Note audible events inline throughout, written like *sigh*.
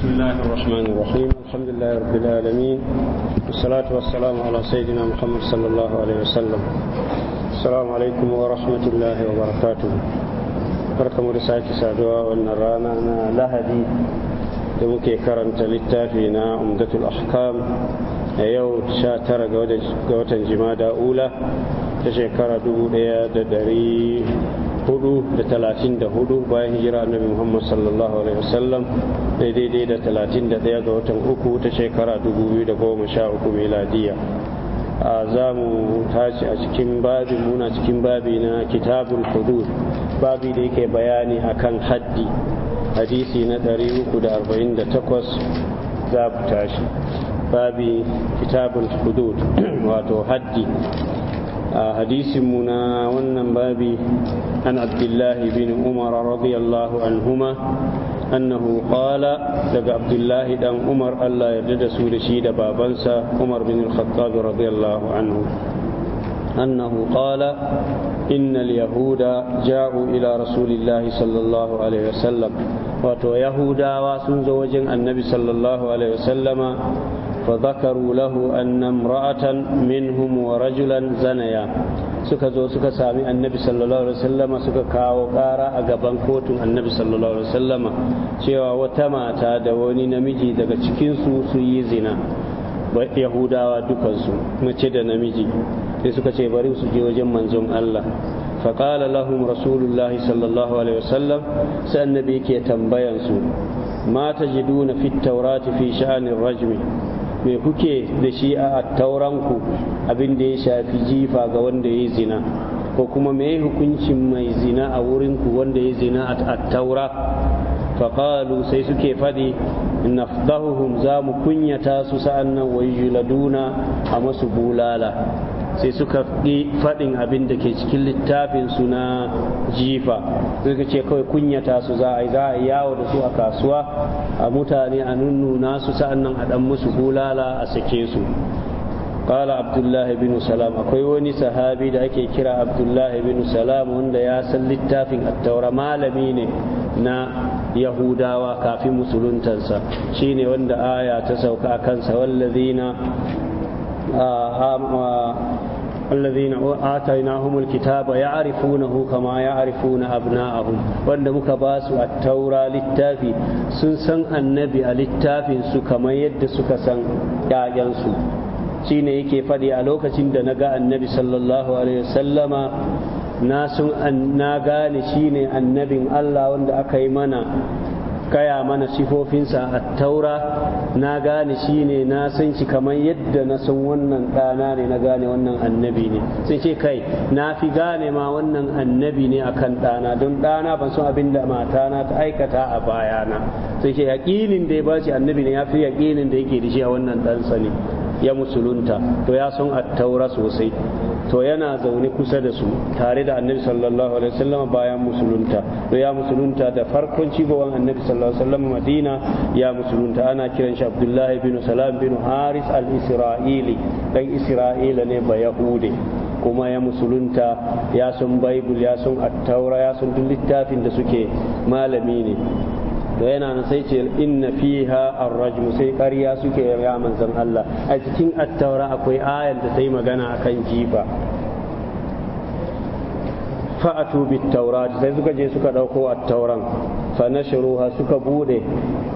بسم الله الرحمن الرحيم الحمد لله رب العالمين والصلاة والسلام على سيدنا محمد صلى الله عليه وسلم السلام عليكم ورحمة الله وبركاته بركم رسالة سادوا والنرانا لهدي دمكي كرنت للتافينا أمدة الأحكام يوم شاتر قوة جمادة أولى تشكر دوليا ددري hudu da talatin da hudu bayan hijira annabi muhammad sallallahu alaihi wasallam daidai da talatin da daya ga watan uku ta shekara dubu biyu da goma sha uku miladiya a za mu tashi a cikin babi muna cikin babi na kitabul hudud babi da yake bayani akan haddi hadisi na 348 za mu tashi babi kitabul hudud *clears throat* wato haddi a mu na wannan babi an abdullahi bin umar radiyallahu anhuma annahu qala daga abdullahi dan umar allah yarda da su da shi da babansa umar bin al-khattab radiyallahu anhu أنه قال إن اليهود جاءوا إلى رسول الله صلى الله عليه وسلم وتو يهودا واسن زوجين النبي صلى الله عليه وسلم فذكروا له أن امرأة منهم ورجلا زنيا suka zo suka sami annabi sallallahu alaihi wasallama suka kawo ƙara a gaban kotun annabi sallallahu alaihi wasallama cewa wata mata da wani namiji daga cikinsu su yi zina yahudawa dukansu mace da namiji sai suka ce bari su je wajen manzon Allah faƙala lahum rasulullahi sallallahu alaihi wasallam sai annabi yake tambayansu ma tajiduna fit taurati fi sha'anir rajmi me kuke da shi a tauranku abin da ya shafi jifa ga wanda ya zina ko kuma me hukuncin mai zina a wurinku wanda ya zina a taura faƙalu sai suke faɗi nafdahuhum za mu kunyata su sa'an nan wa yuladuna a masu bulala sai suka ƙi faɗin abin da ke cikin littafin su na jifa suka ce kawai kunyata su za a yi za a yawo da su a kasuwa a mutane a nunnuna su sa'annan a ɗan musu bulala a sake su قال Abdullahi bin salam akwai wani sahabi da ake kira Abdullahi bin Salam wanda ya san littafin at malami ne na yahudawa kafin musuluntansa ne wanda aya ta sauka kansa wallazina الذين آتيناهم الكتاب يعرفونه كما يعرفون أبناءهم وأن مكباس التوراة للتافي سنسن النبي للتافي kamar يد سكسن يا ينسو shine yake faɗi a lokacin da na ga annabi sallallahu alaihi wasallama na na gane shine annabin Allah wanda aka yi mana kaya mana sifofinsa a taura na gane shi ne na san shi kamar yadda na san wannan ɗana ne na gane wannan annabi ne sai ce kai na fi gane ma wannan annabi ne akan ɗana don ɗana ban san abin da matana ta aikata a bayana sai ce yaƙinin da ya ba shi annabi ne ya fi yaƙinin da yake da shi a wannan ɗansa ne ya musulunta to ya a attaura sosai to yana zaune kusa da su tare da annabi sallallahu alaihi wasallam bayan musulunta to ya musulunta da farkon cigowan annabi sallallahu alaihi wasallam madina ya musulunta ana kiran shi abdullahi bin salam bin haris al-isra'ili dan isra'ila ne ba yahude kuma ya musulunta ya son baibul ya san attaura ya son duk littafin da suke malami ne to yana nan sai ce inna fiha ar-rajm sai ƙarya suke ya manzon Allah a cikin at-taura akwai ayar da ta yi magana akan jifa fa'atu bit taurat sai suka je suka dauko at-tauran fa nashruha suka bude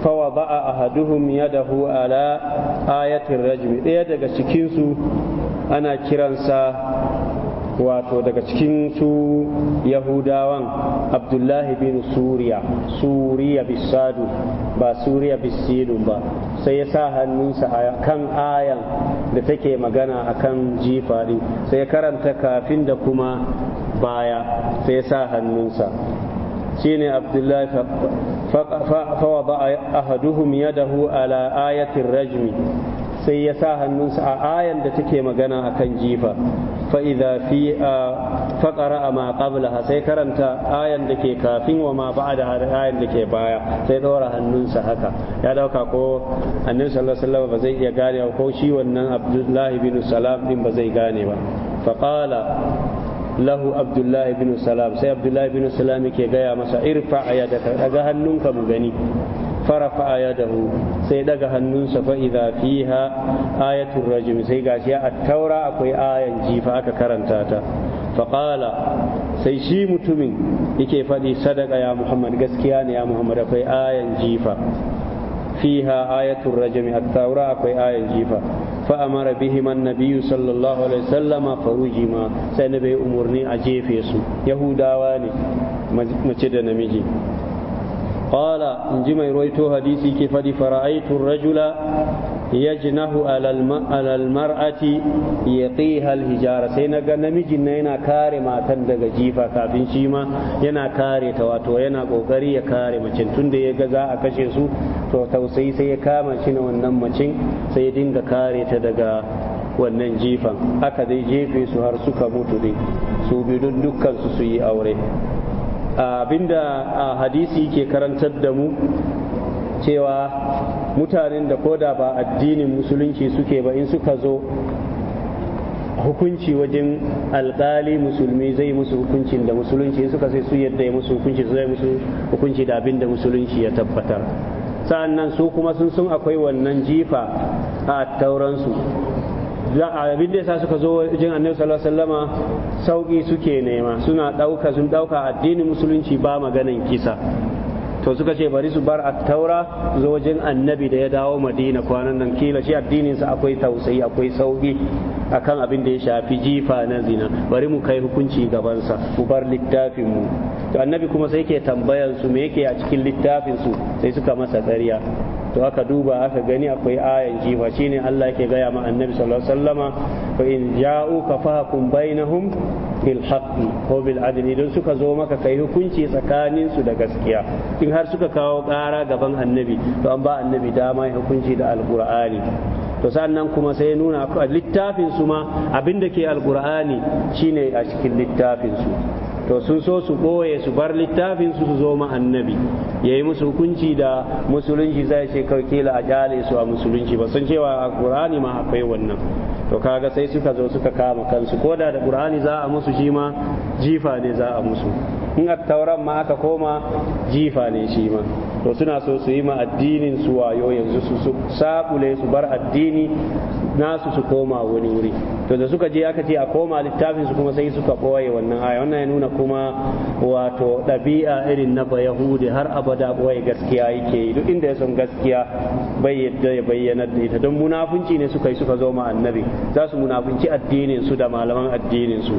fa wada'a ahaduhum yadahu ala ayatir rajm ɗaya daga cikin su ana kiransa wato daga cikin su yahudawan abdullahi bin suriya suriya bisadu ba suriya bisilu ba sai ya sa hannunsa a kan ayan da take magana a kan jifa sai ya karanta kafin da kuma baya sai ya sa hannunsa shine abdullahi فوضع أحدهم يده ala ayatin rajmi? sai ya sa hannunsa a ayan da take magana a kan jifa fa idza fi a qara'a a qablaha sai karanta ayan da ke kafin wa ma ba'da da ayan da ke baya sai dora hannunsa haka ya ɗauka ko annabi sallallahu alaihi ba zai iya gane ko shi wannan abdullahi bin salam ɗin ba zai gane ba fa lahu abdullahi bin salam sai abdullahi bin salam ke gaya masa irfa a yadda ka ɗaga hannunka mu gani farafa yadahu sai daga hannunsa fa fiha ayatul rajim sai gashi a taura akwai ayan jifa aka karanta ta faƙala sai shi mutumin yake faɗi sadaka ya muhammad gaskiya ne ya muhammad akwai ayan jifa fiha ayatul rajim a taura akwai ayan jifa fa bihi man an-nabiy sallallahu alaihi wasallama farujima sai na nabi umarni a jefe su yahudawa ne mace da namiji qala in ji mai roito hadisi ke faɗi fara'aitu rajula yajnahu alal ya yaqiha al hijara sai na ga namijin na yana kare matan daga jifa kafin shi ma yana kare ta wato yana kokari ya kare macin tunda ya ga za a kashe su to tausayi sai ya kama shi na wannan macin sai ya dinga kare ta daga wannan jifan aka dai jefe su har suka mutu dai su bidon dukkan su su yi aure abinda hadisi ke karantar da mu cewa mutanen da koda ba addinin musulunci suke ba in suka zo hukunci wajen alkali musulmi zai musu hukuncin da musulunci In suka sai su yadda ya musu hukunci zai musu hukunci da abin da musulunci ya tabbatar sa'annan su kuma sun sun akwai wannan jifa a tauransu abin da yasa suka zo wajen annabi sallallahu alaihi wasallama sauki suke nema suna dauka sun dauka addinin musulunci ba maganan kisa to suka ce bari su bar taura zo wajen annabi da ya dawo madina kwanan nan kila shi sa akwai tausayi akwai sauki akan abin da ya shafi jifa na zina bari mu kai hukunci gabansa mu bar littafin mu to annabi kuma sai ke tambayan su me yake a cikin littafin su sai suka masa ƙarya to aka duba aka gani akwai ayan jifa shine Allah yake gaya ma annabi sallallahu alaihi wasallama fa in ja'uka fahkum bainahum bil haqqi ko bil adli idan suka zo maka kai hukunci tsakanin su da gaskiya in har suka kawo ƙara gaban annabi to an ba annabi dama ya hukunci da alqur'ani to sannan kuma sai nuna littafin su ma abinda ke alqur'ani shine a cikin littafin su to sun so su ɓoye su bar littafin su su zo ma annabi yayi musu hukunci da musulunci zai ce kila a jale su a musulunci ba sun cewa a ƙur'ani ma akwai wannan to kaga sai suka zo suka kama kansu ko da da qur'ani za a musu shi ma jifa ne za a musu in tauran ma aka koma jifa ne shi ma to suna so su yi ma addinin su wayo yanzu su sakule su bar addini nasu su koma wani wuri to da suka je aka ce a koma littafin su kuma sai suka boye wannan aya wannan ya nuna kuma wato ɗabi'a irin na ba yahudi har abada boye gaskiya yake yi duk inda ya son gaskiya bai yadda ya bayyana da ita don munafunci ne suka yi suka zo ma annabi za su munafunci addinin su da malaman addinin su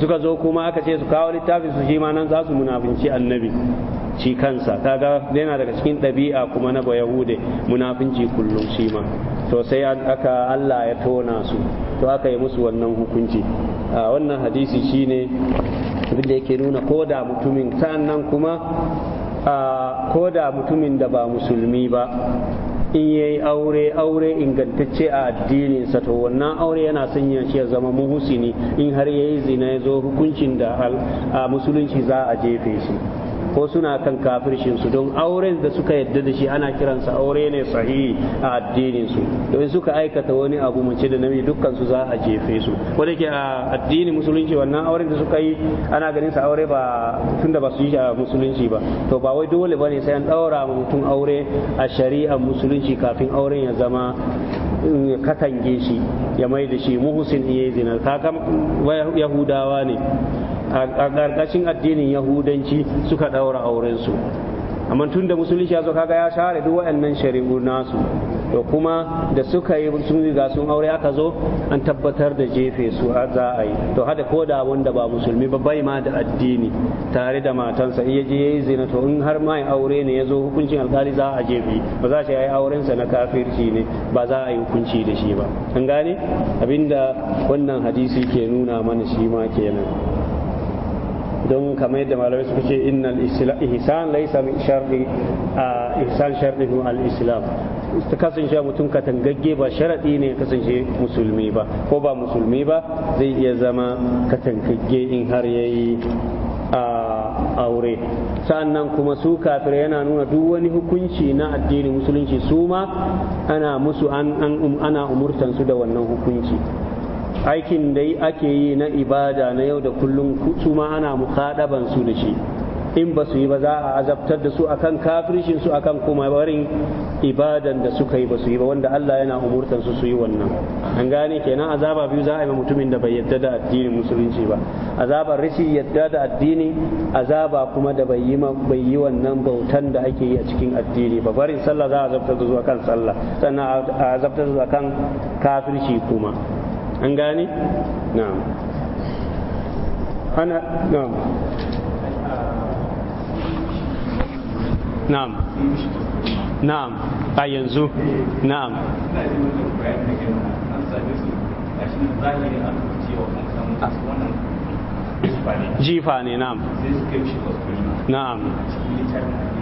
suka zo kuma aka ce su kawo littafin su shi ma nan za su munafinci annabi shi kansa kaga yana daga cikin ɗabi'a kuma na hude munafinci kullum shi ma to sai aka Allah ya tona su to aka yi musu wannan hukunci wannan hadisi shi shine abinda yake nuna ko da mutumin sannan kuma ko da mutumin da ba musulmi ba in yi aure aure ingantacce a addininsa to wannan aure yana sanya shi ya zama muhusini in har yayi zina ya zo hukuncin da a musulunci za a jefe shi ko suna kan kafircin su don auren da suka yadda da shi ana kiransa aure ne sahihi a addinin su don suka aikata wani abu mace da namiji dukkan su za a jefe su ko da ke a addinin musulunci wannan auren da suka yi ana ganin sa aure ba tunda ba su yi a musulunci ba to ba wai dole bane sai an daura ma mutum aure a shari'ar musulunci kafin auren ya zama mm, katange shi ya mai da shi muhsin iya zina yahudawa ne a ƙarƙashin addinin yahudanci suka ɗaura aurensu amma tun da musulunci ya zo kaga ya share duk waɗannan shari'u nasu to kuma da suka yi sun riga sun aure aka zo an tabbatar da jefe su za'ayi. za a yi to hada ko da wanda ba musulmi ba bai ma da addini tare da matansa iya je yayi zina to in har ma aure ne ya zo hukuncin alkali za a jefe ba za shi yayi auren sa na kafirci ne ba za a yi hukunci da shi ba an gane abinda wannan hadisi ke nuna mana shi ma kenan don kamar yadda malamai suka ce innal ihsan laysa min sharri ihsan sharrihu al islam ta kasance mutum katangagge ba sharadi ne kasance musulmi ba ko ba musulmi ba zai iya zama katangagge in har yayi aure sa'annan kuma su kafirai yana nuna duk wani hukunci na addinin musulunci su ma ana musu an ana umurtan su da wannan hukunci aikin da ake yi na ibada na yau da kullum su ma ana mukaɗaban su da shi in ba su yi ba za a azabtar da su akan kafircin su akan kuma barin ibadan da suka yi ba su yi ba wanda Allah yana umurtan su su yi wannan an gane kenan azaba biyu za a yi mutumin da bai yadda da addinin musulunci ba azabar rishi yadda da addini azaba kuma da bai yi wannan bautan da ake yi a cikin addini ba barin sallah za a azabtar da su akan sallah sannan a azabtar da su akan kafirci kuma an gani? na'am ana na'am na'am na'am a yanzu na'am jifa ne na'am na'am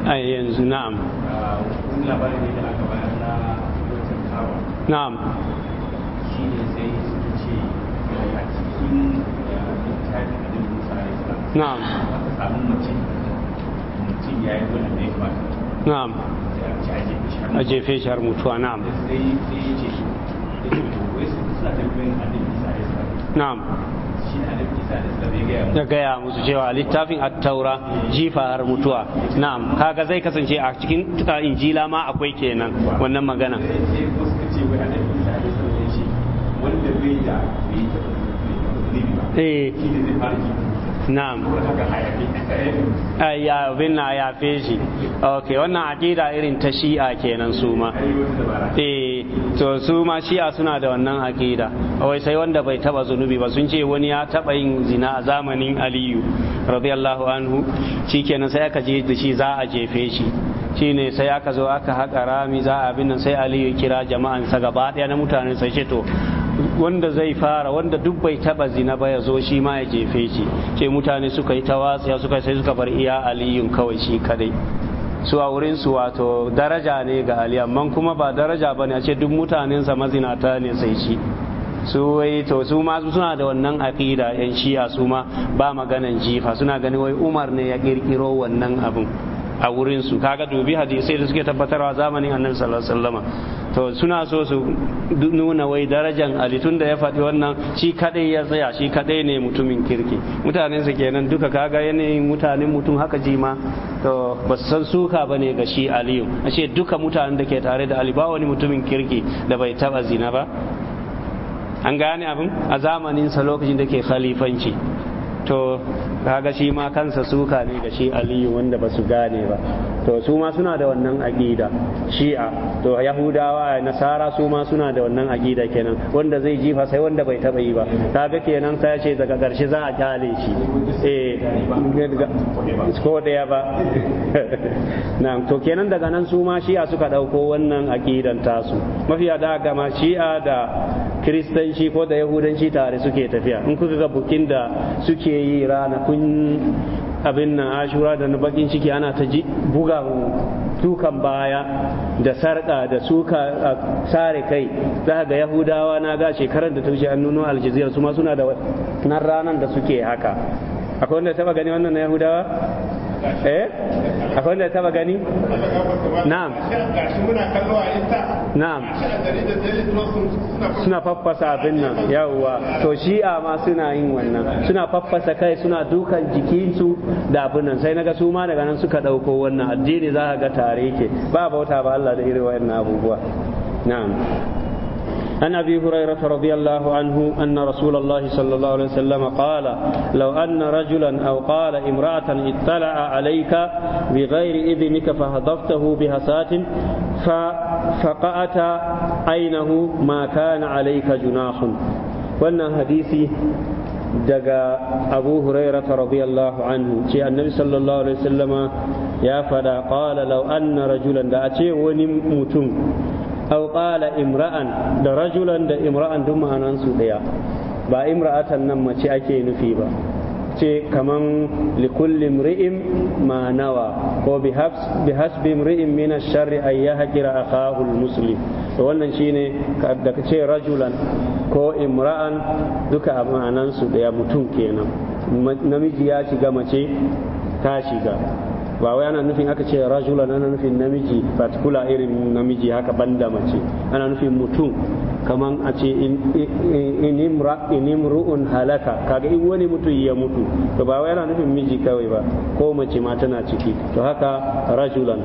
a yanzu na'am na'am na'am na'am a jefe shi har mutuwa na'am na'am ya gaya musu cewa littafin attaura jifa har mutuwa na'am kaga zai kasance a cikin injila ma akwai kenan wannan magana wanda bai da eh na'am ya abin na ya wannan aqida irin ta shi'a kenan su ma eh to su ma shi'a suna da wannan aqida. wai sai wanda bai taba zunubi ba sun ce wani ya taba yin zina a zamanin aliyu radiyallahu anhu kenan sai aka je da shi za a jefe shi shine sai aka zo aka haƙa rami za a abin nan sai aliyu kira jama'an sa gaba ɗaya na mutanen sai ce to wanda zai fara wanda duk bai taba zina ba ya zo shi ma ya jefe shi mutane suka yi tawasiya suka sai suka bar iya aliyun kawai shi kadai su a wurin su wato daraja ne ga ali amma kuma ba daraja ba ne a ce duk mutanensa mazinata ne sai shi su wai to su ma suna da wannan aqida yan shi'a su ma ba maganan jifa suna ganin wai umar ne ya kirkiro wannan abin a wurin su kaga dubi hadisai da suke tabbatarwa zamanin annabi sallallahu alaihi wasallam to suna so su nuna wai darajan ali tun da ya faɗi wannan shi kadai ya tsaya shi kadai ne mutumin kirki mutanen su kenan duka kaga yanayin mutanen mutum haka ji ma to ba su san suka bane ga shi aliyu ashe duka mutanen da ke tare da ali ba wani mutumin kirki da bai taba zina ba an gane abin a zamanin sa lokacin da ke khalifanci to kaga shi ma kansa suka ne ga shi aliyu wanda ba su gane ba to su ma suna da wannan aqida shi'a to yahudawa nasara su ma suna da wannan aqida kenan wanda zai jifa sai wanda bai taba yi ba kaga kenan sai ce daga karshe za a kyale shi eh ko daya ba *laughs* na'am to kenan daga nan su ma shi'a suka dauko wannan aqidan tasu mafiya da gama shi'a da kristanci ko da yahudanci tare suke tafiya in kuka ga bukin da suke yi ranakun abin nan ashura da na bakin ciki ana ta ji bugan dukan baya da sarƙa da suka sare kai za ga yahudawa na ga shekarar da ta wuce an nuno aljazira su ma suna da nan ranan da suke haka akwai wanda taba gani wannan na yahudawa eh akwai wanda taba gani na'am na'am suna faffasa abin nan yawwa to shi'a ma suna yin wannan suna faffasa kai suna dukan jikinsu da abin nan sai naga su ma daga nan suka ɗauko wannan addini za ka ga tare ke ba bauta ba Allah da irin wayannan abubuwa na'am عن أبي هريرة رضي الله عنه أن رسول الله صلى الله عليه وسلم قال لو أن رجلا أو قال امرأة اطلع عليك بغير إذنك فهضفته بهسات فقأت عينه ما كان عليك جناح وأن حديثي دغا ابو هريره رضي الله عنه annabi النبي صلى الله عليه وسلم يا فدا قال لو ان رجلا ce wani mutum aw qala imra'an da rajulan da imra'an duk maanansu su daya ba imra'atan nan mace ake nufi ba ce kaman likulli ri'im ma nawa ko bi hasbi ri'im min ash-sharri ay yahqira akahu muslim to wannan shine da ce rajulan ko imra'an duka a ma'anansu daya mutum kenan namiji ya shiga mace ta shiga ba wai ana nufin aka ce rajulan ana nufin namiji particular irin namiji haka banda mace ana nufin mutum kaman a ce inimru'un halaka kaga in wani mutum ya mutu to ba wai ana nufin miji kawai ba ko mace ma tana ciki to haka rajulan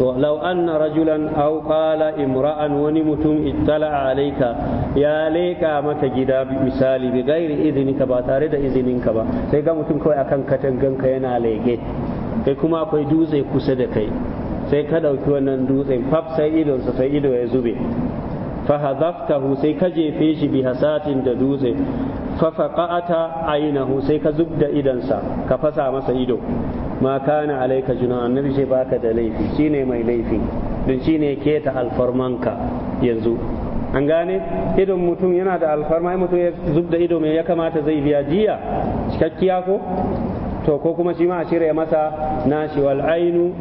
to law anna rajulan aw qala imra'an wani mutum ittala alayka ya leka maka gida misali bi ghairi ka ba tare da izininka ba sai ga mutum kawai akan katanganka yana lege kai kuma akwai dutse kusa da kai sai ka ɗauki wannan dutsen fab sai idonsa sai ido ya zube fahazaftahu sai ka jefe shi bi hasatin da dutse fafaqata ainahu sai ka zubda idansa ka fasa masa ido ma kana alaika juna annabi sai baka da laifi shine mai laifi don shine keta alfarmanka yanzu an gane idon mutum yana da alfarma mutum ya zubda ido mai ya kamata zai biya jiya cikakkiya ko to ko kuma shi ma a cire masa nashi wal ainu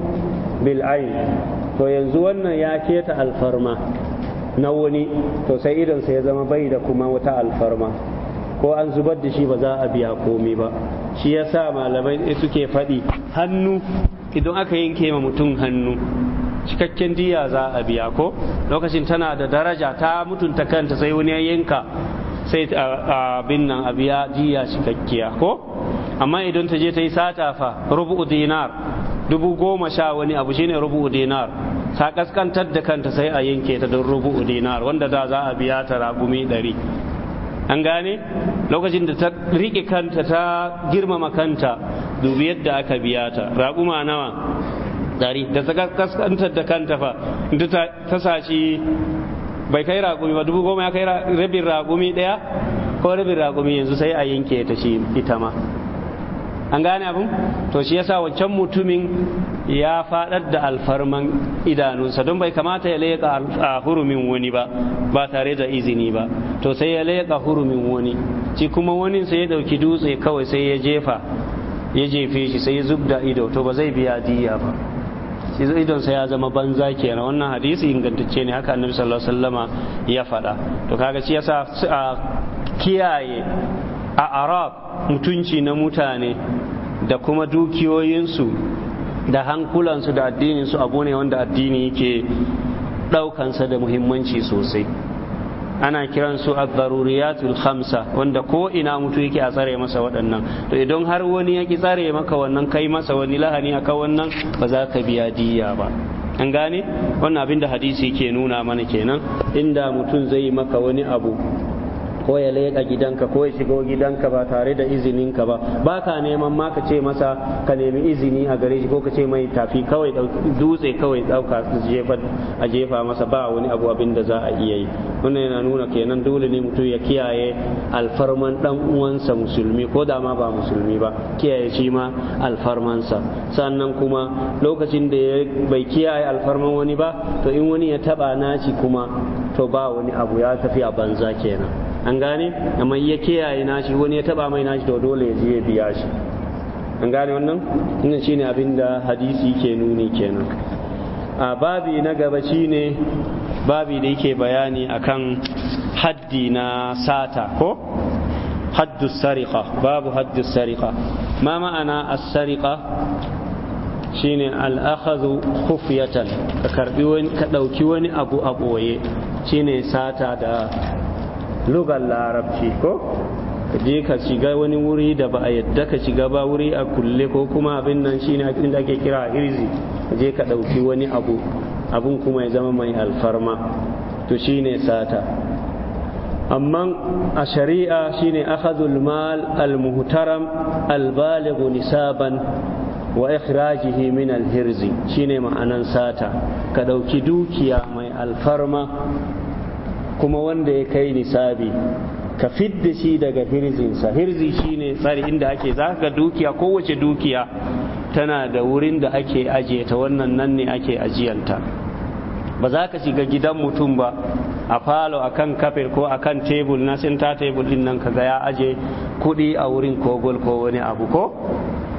bil ain to yanzu wannan ya keta alfarma na wani to sai idan sa ya zama bai da kuma wata alfarma ko an zubar da shi ba za a biya komai ba shi ya sa malamai suke faɗi hannu idan aka yanke ma mutum hannu cikakken diya za a biya ko lokacin tana da daraja ta mutunta kanta sai wani ya yanka sai abin nan a biya diya cikakkiya ko amma idan ta je ta yi sata fa rubu dinar dubu goma sha wani abu shine rubu dinar ta kaskantar da kanta sai a yanke ta don rubu dinar wanda da za a biya ta ragumi dari. an gane lokacin da ta riƙe kanta ta girmama kanta dubi yadda aka biya ta raguma nawa ɗari da ta kaskantar da kanta fa ta saci bai kai raƙumi ba dubu goma ya kai rabin raƙumi ɗaya ko rabin raƙumi yanzu sai a yanke ta shi ita ma an gane abin to shi yasa wancan mutumin ya faɗar da alfarman idanunsa don bai kamata ya leƙa a hurumin wani ba ba tare da izini ba to sai ya leƙa hurumin wani shi kuma wani sai ya ɗauki dutse kawai sai ya jefa ya jefe shi sai ya zubda ido to ba zai biya diya ba shi idonsa ya zama banza kenan wannan hadisi ingantacce ne haka annabi sallallahu alaihi wasallama ya faɗa to kaga shi yasa a kiyaye a arab mutunci na mutane da kuma dukiyoyinsu da hankulansu da addininsu abu ne wanda addini yake ɗaukansa da muhimmanci sosai ana kiran su ad khamsa wanda ko ina mutu yake a tsare masa waɗannan to idan har wani ya ki tsare maka wannan kai masa wani lahani akan wannan ba za ka biya diya ba an gane wannan abin da hadisi ke nuna mana kenan inda mutum zai maka wani abu ko ya leƙa gidanka ko ya shigo gidanka ba tare da izininka ba ba ka neman ma ka ce masa ka nemi izini a gare shi ko ka ce mai tafi kawai dutse kawai ɗauka a jefa masa ba wani abu abin da za a iya yi wannan yana nuna kenan dole ne mutum ya kiyaye alfarman dan uwansa musulmi ko da ma ba musulmi ba kiyaye shi ma alfarmansa sannan kuma lokacin da bai kiyaye alfarman wani ba to in wani ya taba naci kuma to ba wani abu ya tafi a banza kenan an gane amma ya kiyaye nashi wani ya taba mai nashi to dole ya je biya shi an gane wannan wannan shine abin da hadisi ke nuni kenan a babi na gaba shine babi da yake bayani akan haddi na sata ko haddu sariqa babu haddu sariqa ma ma'ana as-sariqa shine al'akhadhu khufyatan ka karbi wani ka dauki wani abu a boye shine sata da lugar larabci ko ka je ka shiga wani wuri da ba a yadda ka shiga ba wuri a kulle ko kuma abin nan shine abin da ake kira hirzi ka je ka dauki wani abu abun kuma ya zama mai alfarma to shine sata amma a shari'a shine akhadhul mal al muhtaram al nisaban wa ikhrajihi min alhirzi shine ma'anan sata ka ɗauki dukiya mai alfarma kuma wanda ya kai nisabi ka fidda shi daga hirzinsa hirzi shine tsari inda ake zaka dukiya kowace dukiya tana da wurin da ake ajiye ta wannan nan ne ake ajiyanta ba za ka shiga gidan mutum ba a falo a kan kafir ko a kan tebul na sinta tebul din nan ka ya aje kuɗi a wurin kogol ko wani abu ko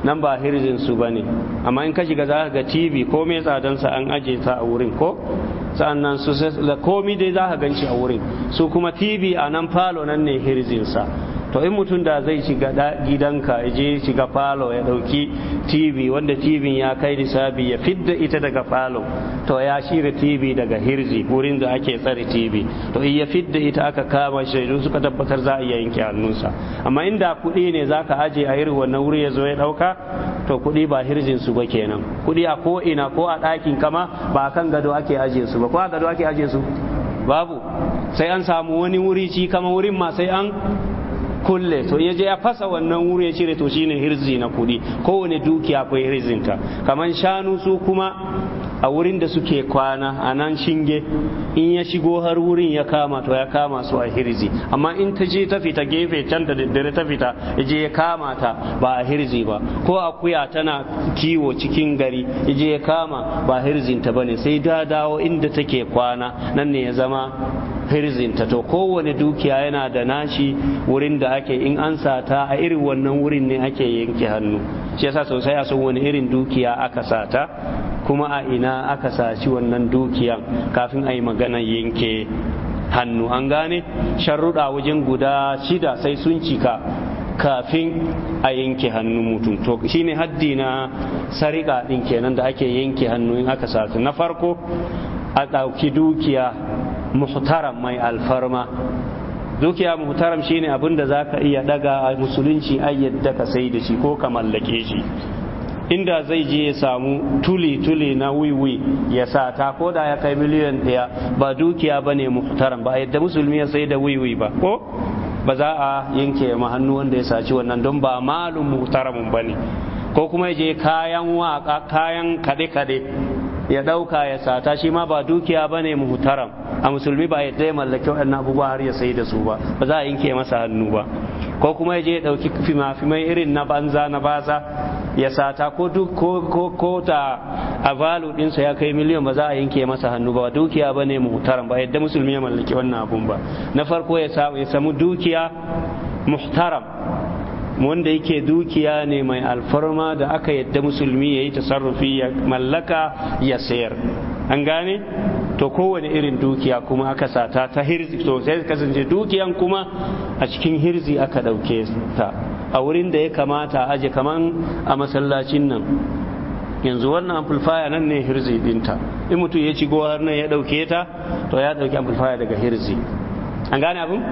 nan ba hirzin su ne amma in ka shiga za ka ga TV ko me tsadan an aje ta a wurin ko sa'annan su komi dai za ka ganci a wurin su kuma TV a nan falo nan ne hirzinsa. to in mutum da zai shiga gidanka ya je shiga falo ya dauki tv wanda tv ya kai nisabi ya fidda ita daga falo to ya shirya tv daga hirji wurin da ake tsare tv to in ya fidda ita aka kama shaidu suka tabbatar za a iya yanke hannunsa amma inda kuɗi ne za ka aje a irin wannan wuri ya zo ya ɗauka to kuɗi ba hirjin su ba kenan kuɗi a ko ina ko a ɗakin kama ba kan gado ake aje su ba ko a gado ake aje su babu sai an samu wani wuri ci kama wurin ma sai an kulle to ya je ya fasa wannan wuri ya cire to shine hirzi na kuɗi kowane dukiya akwai hirzinta kaman shanu su kuma a wurin da suke kwana a nan shinge in ya shigo har wurin ya kama to ya kama su a hirzi amma in ta je ta fita gefe can da daddare ta fita ya je ya kama ta ba a hirzi ba ko akuya tana kiwo cikin gari ya je ya kama ba hirzinta ba ne sai da dawo inda take kwana nan ne ya zama hirzinta to kowane dukiya yana da nashi wurin da ake in an sata a irin wannan wurin ne ake yanke hannu shi yasa sosai a son wani irin dukiya aka sata kuma a ina aka saci wannan dukiyan kafin a yi maganar yanke hannu an gane sharruɗa wajen guda shida sai sun cika kafin a yanke hannu mutum to shine haddi na sarika ɗin kenan da ake yanke hannu in aka saci na farko a ɗauki dukiya muhtaram mai alfarma dukiya muhtaram shi ne da za ka iya daga musulunci ayyadda ka sai da shi ko ka mallake shi inda zai je ya samu tuli-tuli na wiwi ya sata ko da ya kai miliyan ɗaya ba dukiya ba ne muhtaram ba yadda musulmi ya sai da wiwi ba ko ba za a yanke ma hannu wanda ya saci wannan don ba malum muhtaramun ba ne ko kuma ya je kayan waka kayan kade-kade ya ɗauka ya sata shi ma ba dukiya ba ne muhtaram a musulmi ba yadda ya mallaki waɗannan abubuwa har ya sai da su ba ba za a yanke masa hannu ba ko kuma ya je ya ɗauki fimafimai irin na banza na baza ya sata ko duk ko ko ta a valu dinsa ya kai miliyan ba za a yanke masa hannu ba dukiya ba ne muhtaram ba yadda musulmi ya mallaki wannan abun ba na farko ya samu dukiya muhtaram wanda yake dukiya ne mai alfarma da aka yadda musulmi ya yi tasarrufi ya mallaka ya sayar an gane to kowane irin dukiya kuma aka sata ta hirzi to sai kasance dukiyan kuma a cikin hirzi aka ɗauke ta a wurin da ya kamata aje kaman a masallacin nan yanzu wannan amplifier nan ne hirzi dinta in mutum ya ci har nan ya ɗauke ta to ya ɗauki amplifier daga hirzi an gane abin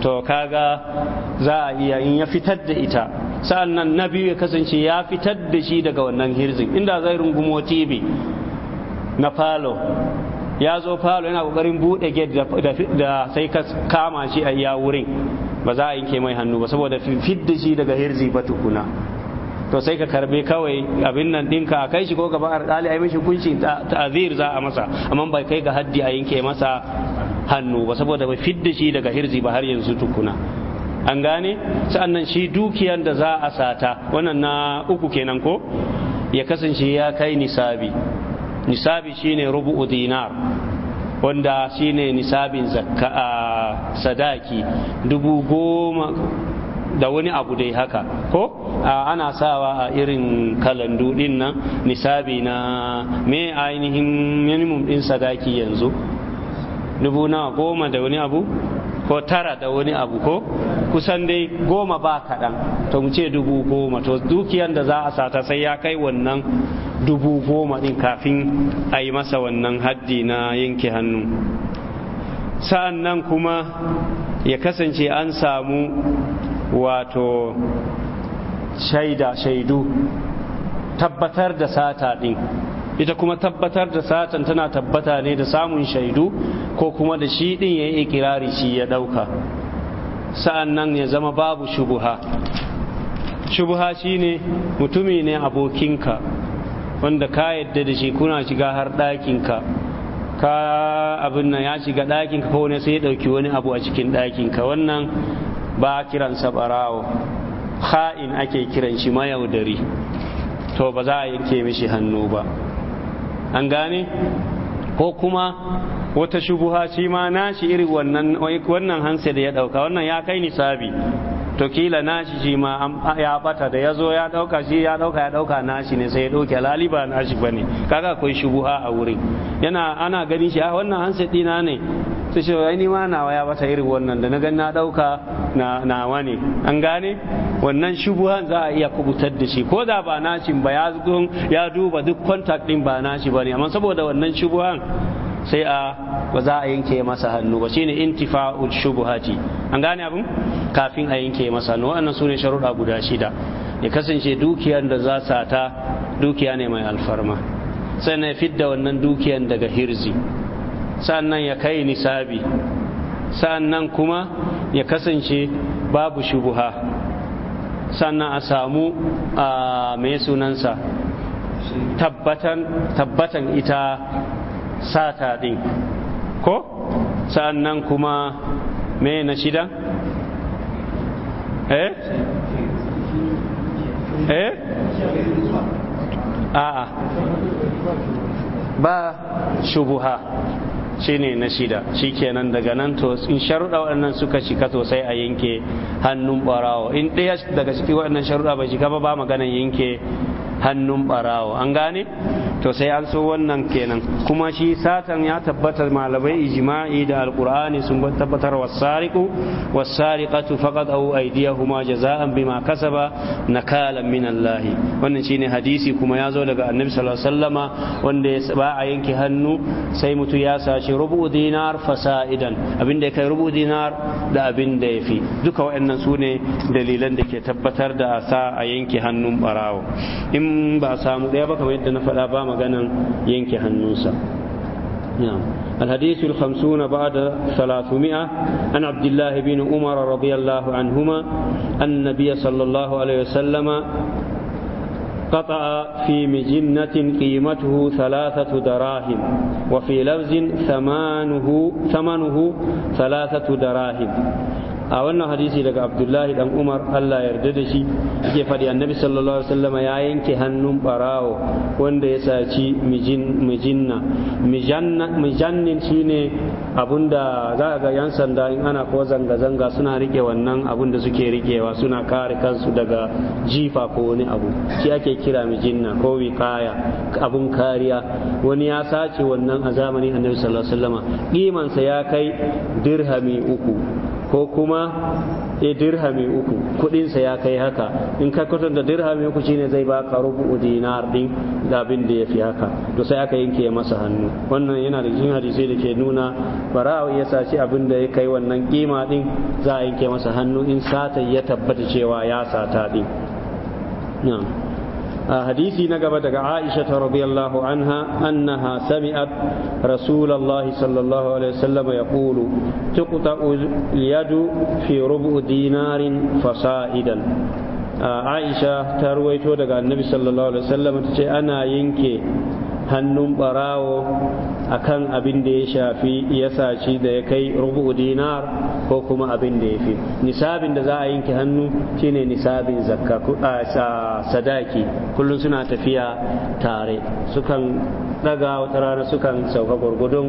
to kaga za a iya in ya fitar da ita sannan na biyu ya kasance ya fitar da shi daga wannan hirzin inda zai rungumo tv na falo ya zo falo yana ƙoƙarin buɗe gate da sai ka kama shi a iya wurin ba za a yanke mai hannu ba saboda fidda shi daga hirzi ba tukuna to sai ka karbe kawai abin nan dinka a kai shi ko gaba alkali a yi mishi kunci ta'azir za a masa amma ba kai ga haddi a yanke masa hannu ba saboda ba fidda shi daga hirzi ba har yanzu tukuna an gane sa'annan shi dukiyan da za a sata wannan na uku kenan ko ya kasance ya kai nisabi nisabi shine rubu'u dinar wanda shine nisabin zakka sadaki dubu goma da wani abu dai haka ko ana sawa a irin kalandu din nan nisabi na me ainihin minimum din sadaki yanzu dubu na goma da wani abu ko tara da wani abu ko kusan dai goma ba kaɗan to mu ce dubu goma to dukiyar da za a sata sai ya kai wannan dubu goma din kafin a yi masa wannan haddi na yanke hannu sa'an nan kuma ya kasance an samu wato shaida shaidu tabbatar da sata ɗin ita kuma tabbatar da satan tana tabbata ne da samun shaidu ko kuma da shi ɗin ya yi ikirari shi ya ɗauka sa'an nan ya zama babu shubuha shubuha shi ne mutumi ne abokinka wanda ka yadda da shi kuna shiga har ɗakinka ka abin nan ya shiga ɗakin ka wani sai ya ɗauki wani abu a cikin ɗakin ka wannan ba sa ɓarawo ha'in ake kiran shi mayaudari to ba za a yanke mishi hannu ba an gane ko kuma wata shubuha shi ma nashi irin wannan hansa da ya ɗauka wannan ya kai nisabi to kila nashi shi ma ya bata da yazo ya dauka shi ya dauka ya dauka nashi ne sai ya dauke laliba nashi bane kaga akwai shubuha a wurin yana ana ganin shi a ah, wannan hansa dina ne sai shi ai ni ma nawa ya bata irin wannan da na ga na dauka na nawa ne an gane wannan shubuhan za a iya kubutar da shi ko da ba nashi ba ya ya duba duk contact din ba nashi bane amma saboda wannan shubuhan sai a ba za a yanke masa hannu ba shine intifa'ul shubuhati an gane abin kafin a yanke masa hannu wannan sune sharuɗa guda shida ya kasance dukiyar da za sa ta dukiya ne mai alfarma sannan ya fidda wannan dukiyar daga hirzi sannan ya kai nisabi sannan kuma ya kasance babu shubuha sannan a samu a mai sunansa tabbatan ita sata ɗin ko sa'annan kuma me na shida eh eh a'a ba shubuha shine na shida kenan daga nan to in sharuɗa waɗannan suka shiga to sai a yanke hannun ɓarawo in ɗaya daga ciki waɗannan sharuɗa bai shiga ba ba maganan yanke hannun ɓarawo an gane to sai an so wannan kenan kuma shi satan ya tabbatar malamai ijma'i da alqur'ani sun tabbatar wasariqu wasariqatu faqad aw aydiyahuma jaza'an bima kasaba nakalan min Allah wannan shine hadisi kuma ya zo daga annabi sallallahu alaihi wasallama wanda ya ba a yanke hannu sai mutu ya sashi rubu dinar fasa'idan abinda ya kai rubu dinar da abinda ya fi duka waɗannan su ne dalilan da ke tabbatar da a sa a yanke hannun barawo in ba samu ɗaya ba kamar yadda na faɗa ba maganan yanke hannunsa الحديث الخمسون بعد ثلاثمائة عن عبد الله بن عمر رضي الله عنهما أن النبي صلى الله عليه وسلم قطع في مجنة قيمته ثلاثة دراهم وفي لفظ ثمنه ثمنه ثلاثة دراهم a wannan hadisi daga abdullahi dan umar allah yarda da shi yake faɗi annabi sallallahu alaihi wasallam ya yanke hannun barawo wanda ya saci mijinna mijannin shine abunda za ga yan sanda in ana ko zanga-zanga suna rike wannan abun da suke rikewa suna kare kansu daga jifa ko wani abu shi ake kira mijinna ko wikaya abun kariya wani ya sace wannan a zamanin annabi sallallahu alaihi wasallam kimansa ya kai dirhami uku ko kuma e dirhami uku kuɗinsa ya kai haka in ka da dirhami uku shine zai baka rubu dinar din da abin da ya fi haka to sai aka yanke masa hannu wannan yana da cikin hadisai da ke nuna bara'u ya saci abin da ya kai wannan kima din za a yanke masa hannu in sata ya tabbata cewa ya sata din حديثي نقبة عائشة رضي الله عنها أنها سمعت رسول الله صلى الله عليه وسلم يقول تقطع اليد في ربع دينار فصائدا عائشة ترويتو دقاء النبي صلى الله عليه وسلم تقول أنا ينكي hannun barawo a kan abin da ya shafi ya saci da ya kai rubu dinar ko kuma abin da ya fi nisabin da za a yanke hannu shine nisabin zakka sadaki kullum suna tafiya tare sukan daga wata rana sukan sauka gwargwadon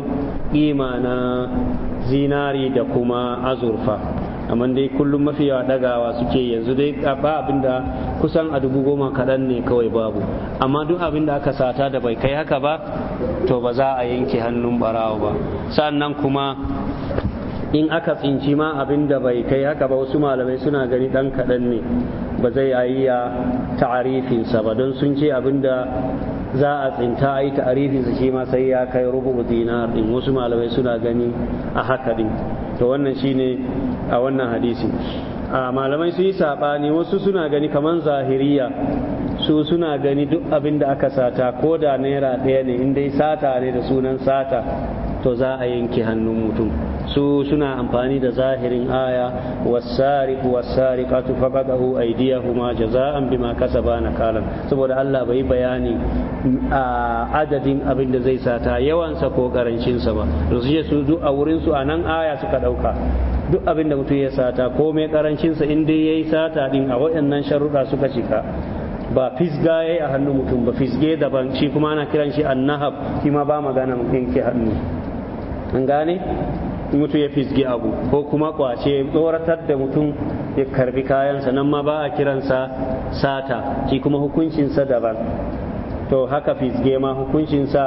kima na zinari da kuma azurfa amma dai kullum mafi yawa dagawa suke yanzu dai ba abinda kusan a dubu goma kaɗan ne kawai babu amma duk abinda aka sata da bai kai haka ba to ba za a yanke hannun barawo ba sannan kuma in aka tsinci ma abinda bai kai haka ba wasu malamai suna gani ɗan kaɗan ne ba zai a iya ta'arifinsa ba don sun ce abinda za a tsinta a yi ta'arifin su shi ma sai ya kai rubu dinar din wasu malamai suna gani a haka din to wannan shine a wannan hadisi a malamai su yi saɓani wasu suna gani kamar zahiriya su suna gani duk abin da aka sata ko da naira ɗaya ne in dai sata ne da sunan sata to za a yanke hannun mutum su suna amfani da zahirin aya wasariq a bi ma jaza'an ba na kalan saboda Allah bai bayani a adadin abin da zai sata yawansa ko ƙarancinsa ba da su duk a wurin su nan aya suka ɗauka duk abin da mutum ya sata ko mai karancin sa in dai yayi sata ɗin a waɗannan sharuɗa suka cika ba fisga yayi a hannun mutum ba fisge daban shi kuma ana kiran shi annahab shi ma ba magana mutum hannu an gane mutu ya fisge abu ko kuma kwace tsoratar da mutum ya karbi kayansa nan ma ba a kiransa sata shi kuma hukuncinsa daban to haka fisge ma hukuncinsa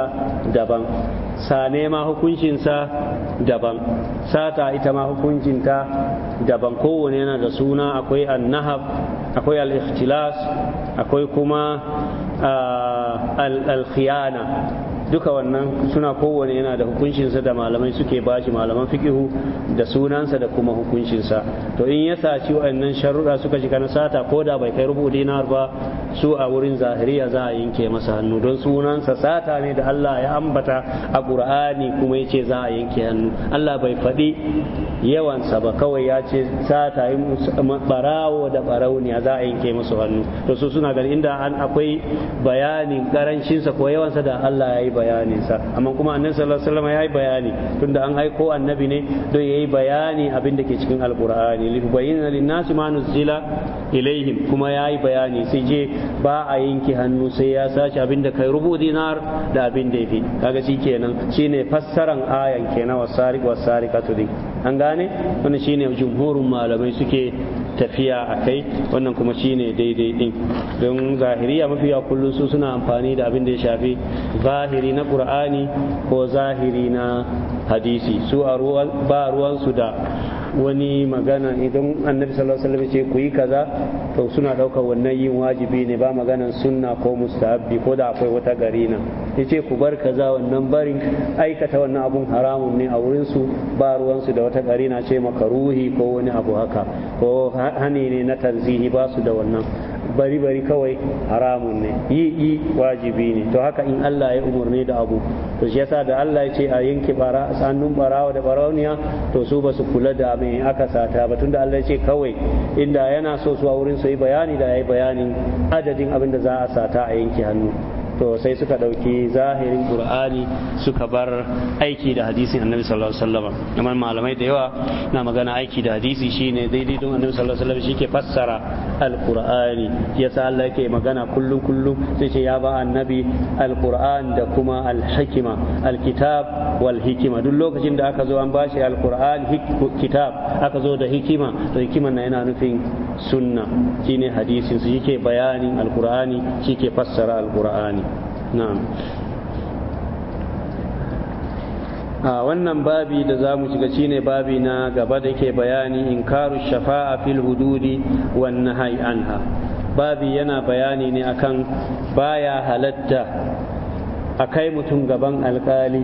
daban sane ma hukuncinsa daban sata ita ma hukuncinta daban kowane yana da suna akwai annahab akwai al-ikhtilas akwai kuma ah, al-khiyana duka wannan suna kowane yana da hukuncinsa da malamai suke bashi malaman fiƙihu da sunansa da kuma hukuncinsa to in ya saci wa'annan sharuɗa suka shiga na sata ko da bai kai rubu dinar ba su a wurin zahiriya za a yanke masa hannu don sunansa sata ne da Allah ya ambata a Qur'ani kuma ya ce za a yanke hannu Allah bai faɗi yawansa ba kawai ya ce sata barawo da barauniya za a yanke masa hannu to su suna ganin inda an akwai bayanin ƙarancinsa ko yawansa da Allah ya yi bayaninsa amma kuma annabi sallallahu alaihi wasallam yayi bayani tunda an aiko annabi ne don yayi bayani abin da ke cikin alqur'ani li bayyana linnasi ma nuzila ilaihim kuma yayi bayani sai je ba a yanke hannu sai ya sace abin da kai rubu dinar da abin da yafi kaga shikenan shine fassaran ayan kenan wasariq wasariqatu din an gane wannan shine jumhurun malamai suke tafiya a kai wannan kuma shine daidai din don zahiriya mafiya kullum su suna amfani da abin da ya shafi zahiri na qur'ani ko zahiri na hadisi su a ruwansu da wani magana idan annabi sallallahu alaihi wasallam ce ku kaza to suna daukar wannan yin wajibi ne ba maganan sunna ko mustahabbi ko da akwai wata gari na yace ku bar kaza wannan barin aikata wannan abun haramun ne a wurin su ba ruwan su da wata gari na ce makaruhi ko wani abu haka ko hani ne na tanzihi ba su da wannan bari bari kawai haramun ne yi yi wajibi ne to haka in Allah ya umarni da abu to shi yasa da Allah ya ce a yanke bara sanun barawa da barauniya to su ba su kula da me aka sata ba tunda Allah ya ce kawai inda yana so su a wurin su bayani da yayi bayanin adadin abin da za a sata a yanke hannu to sai suka ɗauki zahirin qur'ani suka bar aiki da hadisin annabi sallallahu alaihi wasallam kamar malamai da yawa na magana aiki da hadisi shine daidai don annabi sallallahu alaihi wasallam shike fassara alqur'ani yasa Allah yake magana kullum kullum sai ce ya ba annabi alqur'an da kuma alhikima alkitab wal hikima duk lokacin da aka zo an bashi alqur'an kitab aka zo da hikima to hikiman na yana nufin sunna shine hadisin su yake bayanin alqur'ani shike fassara alqur'ani na'am a wannan babi da za mu shiga shine babi na gaba da ke bayani inkaru shafa'a fil hududi wan nahai anha babi yana bayani ne akan baya halatta a kai mutum gaban alkali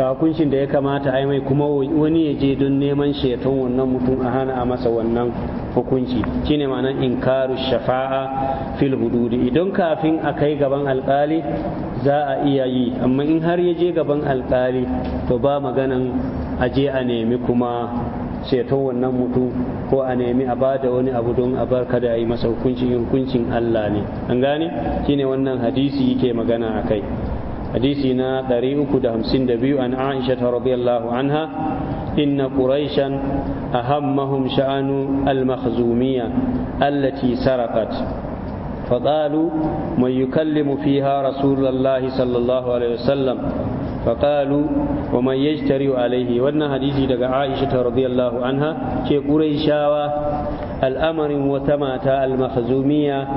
ga hukuncin da ya kamata ai mai kuma wani ya je don neman shaitan wannan mutum a hana a masa wannan hukunci shine ma'anar inkaru shafa'a fil hududi idan kafin a kai gaban alkali za a iya yi amma in har ya je gaban alkali to ba maganan a je a nemi kuma shaitan wannan mutum ko a nemi a bada wani abu don a barka da yi masa hukuncin hukuncin Allah ne an gane shine wannan hadisi yake magana a kai. حديثنا دريء كدهم سندبيو عن عائشة رضي الله عنها إن قريشا أهمهم شأن المخزومية التي سرقت فقالوا من يكلم فيها رسول الله صلى الله عليه وسلم فقالوا ومن يجتري عليه وانا حديثي دقى عائشة رضي الله عنها كي قريشا الأمر وتماتا المخزومية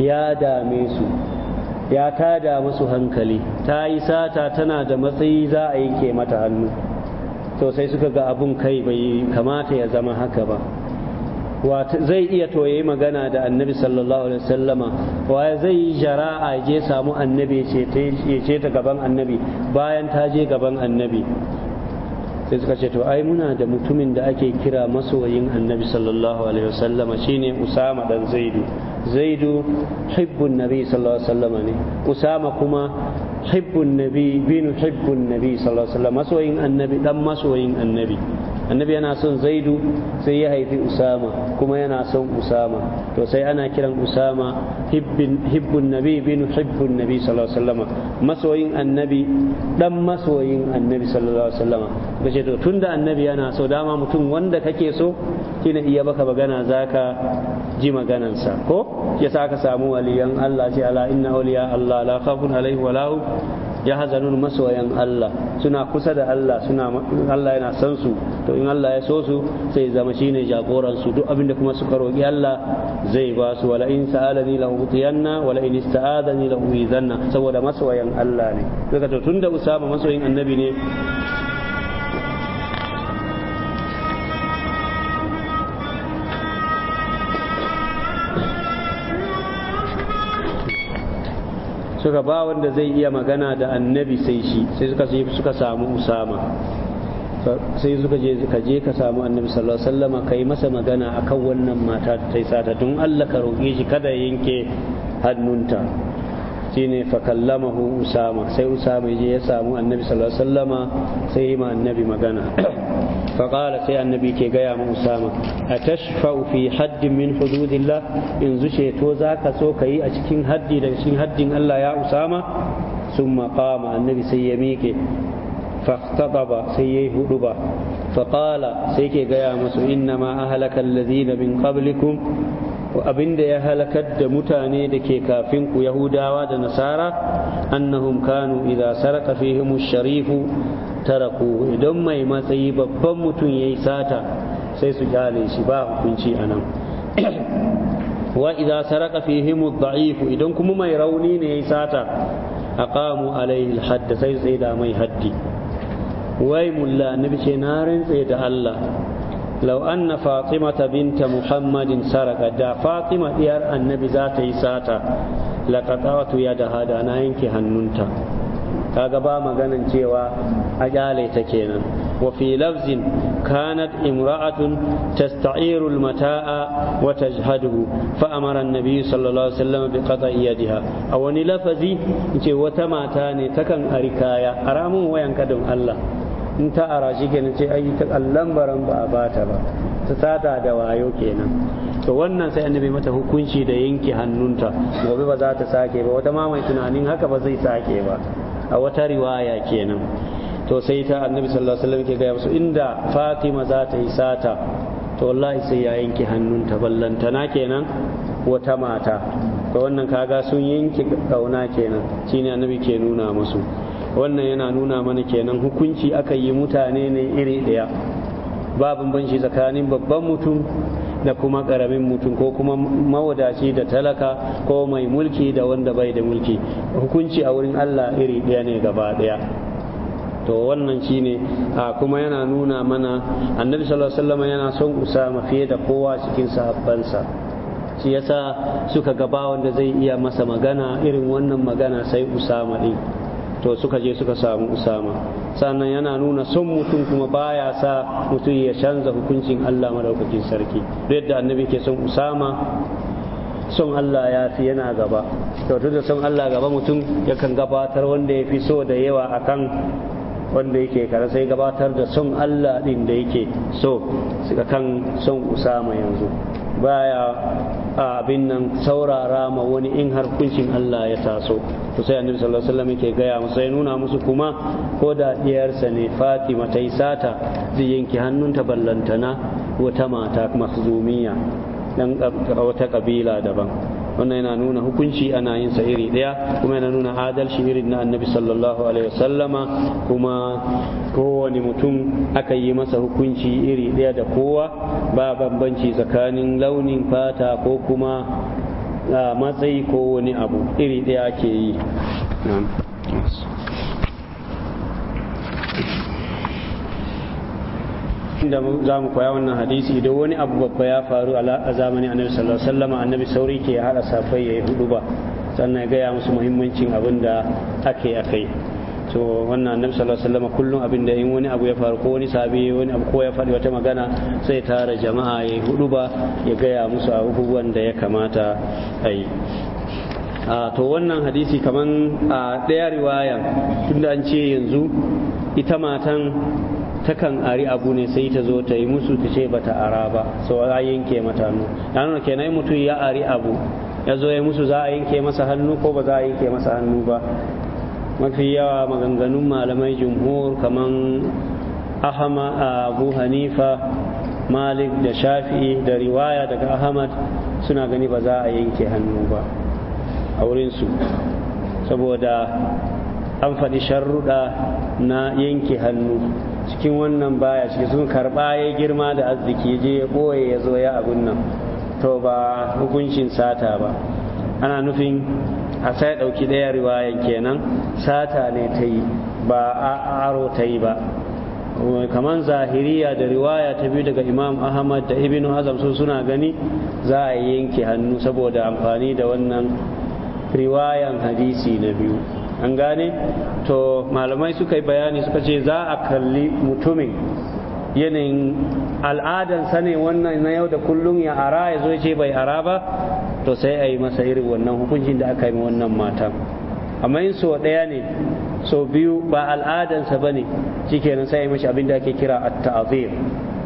يا داميسو ya tada musu hankali ta yi sata tana da matsayi za a ke mata hannu to sai suka ga abun kai bai kamata ya zama haka ba zai iya toye magana da annabi sallallahu alaihi wasallama wa zai jara'a je samu annabi ya ce ta gaban annabi bayan ta je gaban annabi sai suka ce to ai muna da mutumin da ake kira masoyin annabi sallallahu alaihi wasallama shine usama dan zaidu زيد حب النبي صلى الله عليه وسلم أسامة كما حب النبي بين حب النبي صلى الله عليه وسلم مسوين النبي دم مسوين النبي annabi yana son zaidu sai ya haifi usama kuma yana son usama to sai ana kiran usama hibbun nabi bin hibbun nabi sallallahu alaihi wasallama masoyin annabi dan masoyin annabi sallallahu alaihi wasallama kace to tunda annabi yana so dama mutum wanda kake so kina iya baka magana zaka ji maganansa ko yasa aka samu waliyan Allah ce ala inna awliya Allah la khafun alaihi wa ya hazanun masoyan Allah suna kusa da Allah suna Allah yana san su to in Allah ya so su sai zama shine jagoran su duk abinda kuma suka roki Allah zai ba su wala in sa'alani la utiyanna wala in ista'adani la uizanna saboda masoyan Allah ne daga to tunda Usama masoyin annabi ne suka ba wanda zai iya magana da annabi sai shi sai suka suka samu usama sai suka je ka je ka samu annabi sallallahu alaihi wasallam kai masa magana akan wannan mata ta yi sata tun Allah ka roƙe shi kada yanke hannunta shine fa usama sai usama je ya samu annabi sallallahu alaihi wasallama sai ma annabi magana *coughs* fa sai annabi ke gaya ma usama atashfa'u fi haddin min hududillah yanzu ceto zaka so kai a cikin haddi da cikin haddin Allah ya usama summa qama annabi sai ya miƙe فاختضب سيه هدبا فقال سيكي قيامس a أهلك lazina min قبلكم abinda ya halakar da mutane da ke kafin ku yahudawa da nasara annahum kanu idza saraka fihim sharifu taraku idan mai matsayi babban mutum yayi sata sai su kyale shi ba hukunci anan *clears throat* wa idza saraka fihim ad idan kuma mai rauni ne yayi sata aqamu alaihi al sai sai da mai haddi wai mulla annabi ce na rantse da Allah Lauanna Fatima ta binta muhammadin saraka da fatima diyar annabi za ta yi sata laqatawatu yadaha da na yanke hannunta kaga ba maganan cewa a ta kenan wa fi lafzin kanat imra'atun tasta'irul al-mata'a wa tajhaduhu fa amara an-nabi sallallahu alaihi wasallam bi qata'i yadiha a wani lafazi ce wata mata ne takan ari kaya. Ara haramun wayan ka don Allah in ta ara shi kenan ce ai ta kallan baran ba a bata ba ta sata da wayo kenan to wannan sai annabi mata hukunci da yanke hannunta gobe ba za ta sake ba wata mamai tunanin haka ba zai sake ba a wata riwaya kenan to sai ta annabi sallallahu alaihi wasallam ke ga musu inda Fatima za ta yi sata to wallahi sai ya yanke hannunta ballantana kenan wata mata to wannan kaga sun yanke kauna kenan shine annabi ke nuna musu wannan yana nuna mana kenan hukunci aka yi mutane ne iri ɗaya ba bambanci tsakanin babban mutum da kuma ƙaramin mutum ko kuma mawadaci da talaka ko mai mulki da wanda bai da mulki hukunci a wurin Allah iri ɗaya ne gaba ɗaya to wannan shi ne kuma yana nuna mana annabi sallallahu yana son usama fiye da kowa cikin sahabbansa shi yasa suka gaba wanda zai iya masa magana irin wannan magana sai usama din to suka je suka samu usama sannan yana nuna son mutum kuma baya sa mutum ya canza hukuncin Allah madaukakin sarki yadda annabi ke son usama son Allah ya fi yana gaba to da son Allah gaba mutum yakan gabatar wanda ya fi so da yawa akan wanda yake kare sai gabatar da son Allah din da yake so kan son Usama yanzu baya abin nan saurara ma wani in har kuncin Allah ya taso to sai annabi sallallahu alaihi wasallam yake gaya musu sai nuna musu kuma ko da diyarsa ne Fatima ta yi sata zai yanke hannunta ballantana wata mata masu zumiya. dan wata kabila daban wannan yana nuna hukunci ana yin sa iri daya kuma yana nuna adalci irin na annabi sallallahu alaihi wasallama kuma kowane mutum aka yi masa hukunci iri daya da kowa ba bambanci tsakanin launin fata ko kuma ah, matsayi ko wani abu iri daya ake yi darasin da za mu koya wannan hadisi da wani abu babba ya faru a zamanin annabi sallallahu alaihi wasallam annabi sauri ke hada safai yayi hudu ba sannan ya gaya musu muhimmancin abin da ake akai to wannan annabi sallallahu alaihi wasallam kullum abin da in wani abu ya faru ko wani sabi wani abu ko ya faɗi wata magana sai tara jama'a yayi hudu ba ya gaya musu abubuwan da ya kamata a yi to wannan hadisi kaman a daya riwayan tunda an ce yanzu ita matan takan ari abu ne sai ta zo ta yi musu ta ce bata ara ba so a yanke mata hannu ya nuna kenan mutum ya ari abu ya zo ya musu za a yanke masa hannu ko ba za a yanke masa hannu ba mafi yawa maganganun malamai jumhur kaman ahama abu hanifa malik da shafi'i da riwaya daga ahmad suna gani ba za a yanke hannu ba a wurinsu saboda an faɗi sharruɗa na yanke hannu cikin wannan baya shi sun karɓa ya girma da arziki je ya ɓoye ya zo ya abin nan to ba hukuncin sata ba ana nufin a sai ɗauki ɗaya riwayan kenan sata ne ta yi ba a aro ta yi ba kamar zahiriya da riwaya ta biyu daga imam ahmad da ibn azam su suna gani za a yanke hannu saboda amfani da wannan riwayan hadisi na biyu an gane to malamai suka yi bayani suka ce za a kalli mutumin yanayin al'adansa ne wannan na yau da kullum ya ara ya zo ya ce bai ara ba to sai a yi masa irin wannan hukuncin da aka yi wannan mata amma yin so ɗaya ne so biyu ba al'adansa ba ne shi kenan sai a yi mashi abin da ake kira at-ta'zir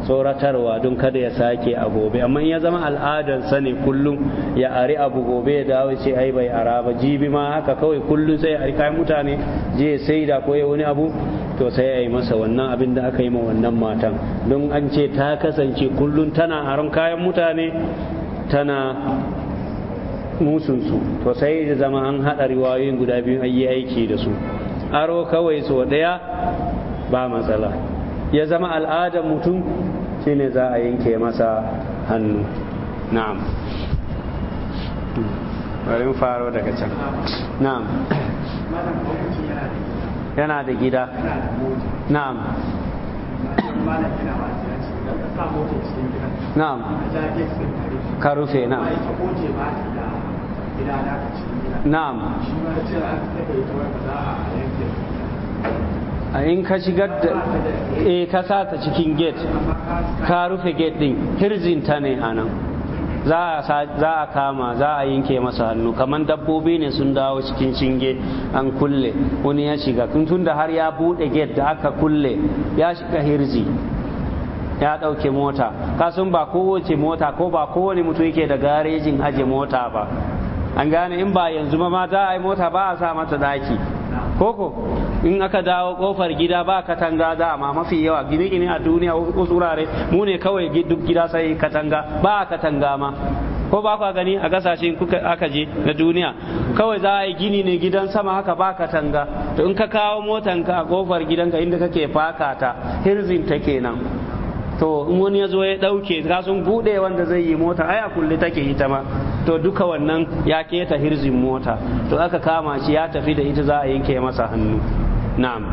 tsoratarwa don kada ya sake a gobe amma ya zama al'adar ne kullum ya ari abu gobe ya dawo sai ai bai ara ba jibi ma haka kawai kullum sai ari kayan mutane je sai da koyi wani abu to sai a yi masa wannan abin da aka yi ma wannan matan don an ce ta kasance kullum tana aron kayan mutane tana musunsu to sai da zama an haɗa riwayoyin guda biyu an yi aiki da su aro kawai so ɗaya ba matsala ya zama al'adar mutum shine za a yanke masa hannu na'am bari faro daga can na'am yana da gida na'am na'am ka rufe na'am na'am in ka shigar da e ka sa ta cikin gate ka rufe gate din hirzinta ne a nan. za a kama za a yanke masa hannu kamar dabbobi ne sun dawo cikin shinge an kulle wani ya shiga tun da har ya bude gate da aka kulle ya shiga hirzi ya ɗauke mota kasan ba kowace mota ko ba kowane mutu yake da garejin aje mota ba an gane in ba yanzu ma za a yi mota ba a sa mata daki koko in aka dawo kofar gida ba katanga dama mafi yawa gine-gine a duniya ko wurare mu ne kawai duk gida sai katanga ba katanga ma ko ba kwa gani a kasashen kuka aka je na duniya kawai za a yi gini ne gidan sama haka ba katanga to in ka kawo motanka a kofar gidanka inda kake faka ta hirzin ta kenan to in wani ya zo ya ɗauke ga sun buɗe wanda zai yi mota ai a kulle take ita ma to duka wannan ya keta hirzin mota to aka kama shi ya tafi da ita za a yanke masa hannu na'am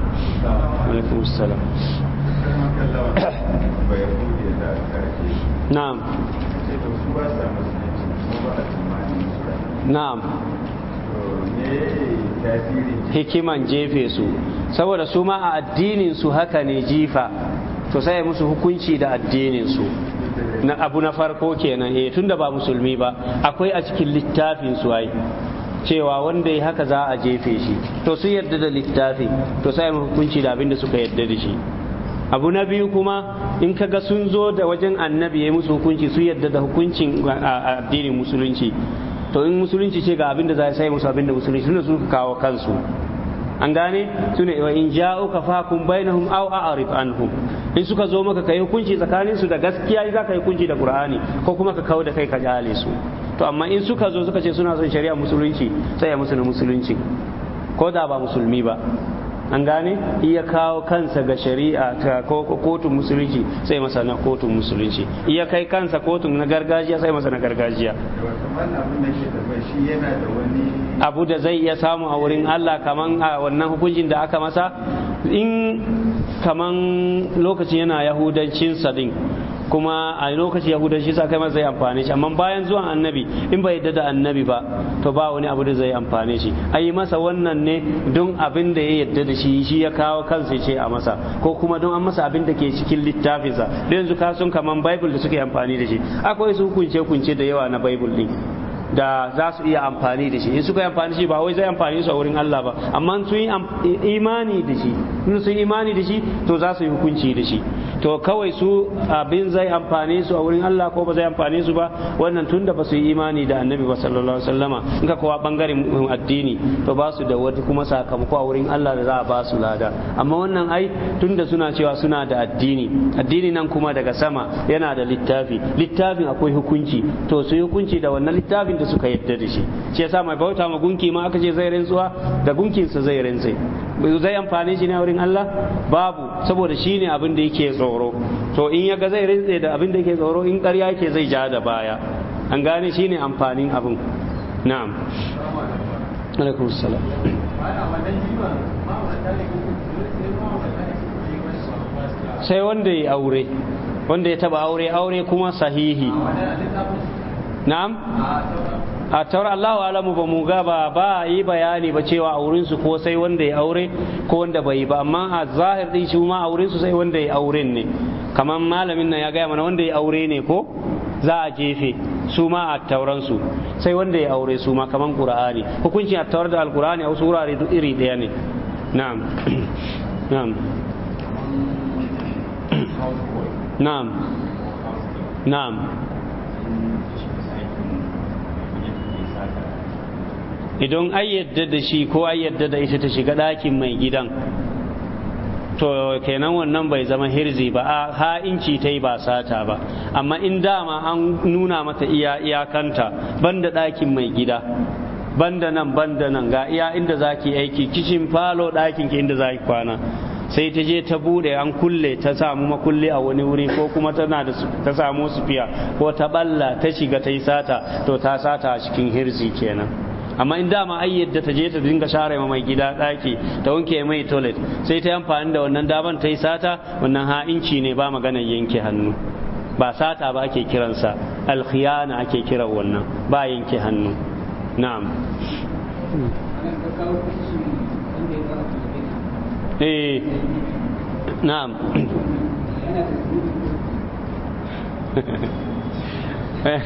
na'am hikiman jefe su saboda su ma a addinin su haka ne jifa to sai musu hukunci da addinin su na abu na farko kenan eh tunda ba musulmi ba akwai a cikin littafin su ai cewa wanda ya haka za a jefe shi to sun yarda da littafi to sai hukunci da abin da suka yarda da shi abu na biyu kuma in kaga sun zo da wajen annabi ya musu hukunci sun yarda da hukuncin addinin musulunci to in musulunci ce ga abin da za a sai musu abin da musulunci suna suka kawo kansu an gane sune wa in ja'uka fahkum bainahum aw a'rif anhum in suka zo maka kai hukunci tsakanin su da gaskiya za ka yi hukunci da qur'ani ko kuma ka kawo da kai ka jale su to amma in suka zo suka ce suna son shari'a musulunci sai ya musu na musulunci ko da ba musulmi ba an gane iya kawo kansa ga shari'a ta kotun musulunci sai masa na kotun musulunci iya kai kansa kotun na gargajiya sai masa na gargajiya abu da zai iya samu a wurin Allah kaman a wannan hukuncin da aka masa in kaman lokacin yana Yahudancin sadin. kuma a lokaci yahudan shi sa kai ma zai amfani shi amma bayan zuwan annabi in bai yadda da annabi ba to ba wani abu da zai amfani shi a yi masa wannan ne don abin da ya yadda da shi shi ya kawo kansa ce a masa ko kuma don an masa abin da ke cikin littafinsa da yanzu ka sun kaman bible da suke amfani da shi akwai su kunce kunce da yawa na bible din da za su iya amfani da shi in suka yi amfani da shi ba wai zai amfani su a wurin Allah ba amma sun yi imani da shi in sun imani da shi to za su yi hukunci da shi to kawai su abin zai amfani su a wurin Allah ko ba zai amfani su ba wannan tunda ba su yi imani da annabi ba sallallahu alaihi wasallama in ka kowa bangaren addini to ba su da wata kuma sakamako a wurin Allah da za a ba su lada amma wannan ai tun da suna cewa suna da addini addini nan kuma daga sama yana da littafi littafin akwai hukunci to su hukunci da wannan littafin da suka yadda da shi shi yasa mai bauta ma gunki ma aka ce zai rantsuwa da gunkinsa zai rantse zai amfani shi ne a wurin Allah babu saboda shi ne abin da yake tsoro to in ya ga zai rintse da abin da yake tsoro in ƙarya yake zai ja da baya an gane shi ne amfanin abin na'am alaikum salam sai wanda ya aure wanda ya taba aure aure kuma sahihi na'am a taura Allahu alamu ba mu ga ba ba yi bayani ba cewa auren su ko sai wanda ya aure ko wanda bai ba amma a zahir din shi ma auren su sai wanda ya auren ne kamar malamin nan ya gaya mana wanda ya aure ne ko za a jefe su ma a tauran su sai wanda ya aure su ma kamar qur'ani hukuncin a tawar da alqur'ani a wasu wurare duk iri daya ne na'am *coughs* *coughs* na'am na'am na'am idan an yadda da shi ko an yadda da ita ta shiga ɗakin mai gidan to kenan wannan bai zama hirzi ba a ha'inci ta yi ba sata ba amma in dama an nuna mata iya iyakanta banda ɗakin mai gida banda nan banda nan ga iya inda za ki aiki kishin falo ɗakin ki inda za ki kwana sai ta je ta bude an kulle ta samu makulle a wani wuri ko kuma tana da ta samu sufiya ko ta balla ta shiga ta yi sata to ta sata a cikin hirzi kenan amma in dama ai yadda ta je ta dinga share ma mai gida daki ta wanke mai toilet sai ta yi amfani da wannan daban ta yi sata wannan ha'inci ne ba maganar yanke hannu ba sata ba ake kiransa alkhiyana ake kiran wannan ba yanke hannu na'am eh na'am Eh,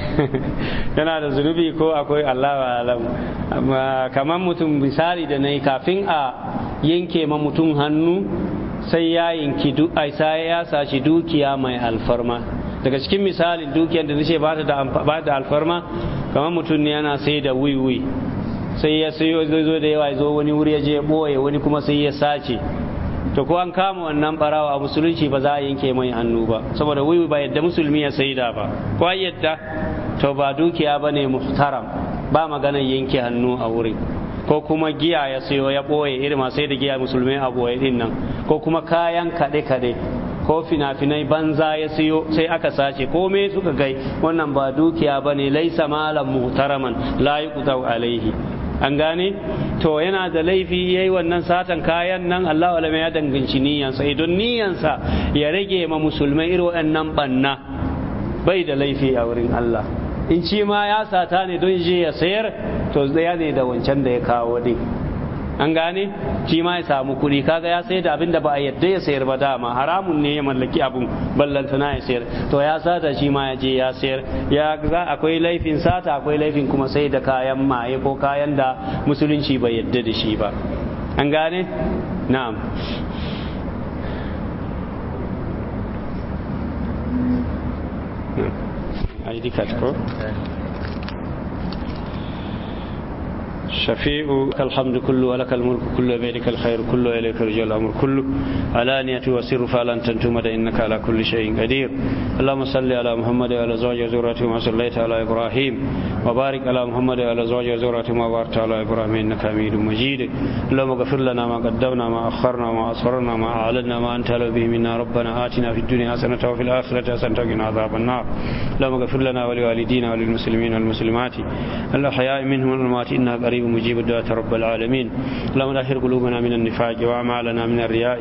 *laughs* yana da zunubi ko akwai Allah kamar mutum misali da na yi kafin a yanke ma mutum hannu sai ya yanki ya sashi dukiya mai alfarma daga cikin misalin dukiyar da nace ba da alfarma kamar mutum ne yana sai da wiwi sai ya sayo zo da yawa zo wani wuri ya je boye wani kuma sai ya sace to ko an kama wannan barawa a musulunci ba za a yanke mai hannu ba saboda wiwi ba yadda musulmi ya saida ba ko yadda to ba dukiya ba ne muhtaram ba maganar yanke hannu a wurin ko kuma giya ya sayo ya boye irin sai da giya musulmai a boye din nan ko kuma kayan kaɗe-kaɗe ko fina-finai banza ya siyo sai aka sace kome suka kai wannan ba dukiya ba ne laisa malam muhtaraman la alaihi an gane to yana da laifi yayi wannan satan kayan nan Allah alama ya danganci niyansa idan niyansa ya rage ma musulmai irin wannan banna bai da laifi a wurin Allah in ci ma ya sata ne don je ya sayar to ya ne da wancan da ya kawo din an gane shi ma ya samu kuɗi kaga ya sai da abin da ba a yadda ya sayar ba dama haramun ne ya mallaki abun na ya sayar to ya sata shi ma ya je ya sayar ya ga akwai laifin sata akwai laifin kuma sai da kayan maye ko kayan da musulunci bai yadda da shi ba an gane na'am ID card ko? Eh. شفيع الحمد كله ولك الملك كله بيدك الخير كله إليك رجع الأمر كله على علانية وسر فعلا تنتم إنك على كل شيء قدير اللهم صل على محمد وعلى زوج زورته ما صليت على إبراهيم وبارك على محمد وعلى زوج زورته ما باركت على إبراهيم إنك أمير مجيد اللهم اغفر لنا ما قدمنا ما أخرنا ما أسررنا ما أعلنا ما أنت على به منا ربنا آتنا في الدنيا حسنة وفي الآخرة حسنة وقنا عذاب النار اللهم اغفر لنا ولوالدينا وللمسلمين والمسلمات الأحياء منهم والأموات إنها قريب القريب مجيب الدعاء رب العالمين اللهم لا قلوبنا من النفاق وأعمالنا من الرياء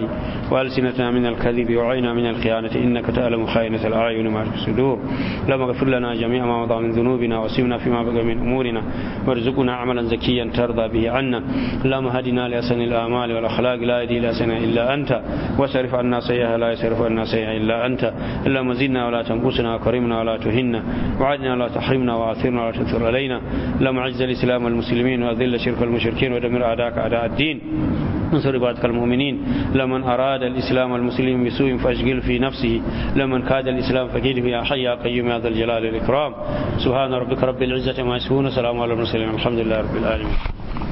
وألسنتنا من الكذب وعينا من الخيانة إنك تعلم خائنة الأعين وما في الصدور اللهم اغفر لنا جميع ما مضى من ذنوبنا وسمنا فيما بقى من أمورنا وارزقنا عملا زكيا ترضى به عنا اللهم هدنا لأسن الآمال والأخلاق لا يدي لأسنا إلا أنت واصرف عنا سيئها لا يصرف عنا سيئها إلا أنت اللهم زدنا ولا تنقصنا وكرمنا ولا تهنا وعدنا ولا تحرمنا وآثرنا ولا تنثر علينا اللهم عز الإسلام والمسلمين وذل شرك المشركين ودمر أعداءك أعداء الدين انصر عبادك المؤمنين لمن أراد الإسلام المسلم بسوء فأشغل في نفسه لمن كاد الإسلام فكيده في حي قيوم هذا الجلال الإكرام سبحان ربك رب العزة ما يصفون سلام على المرسلين الحمد لله رب العالمين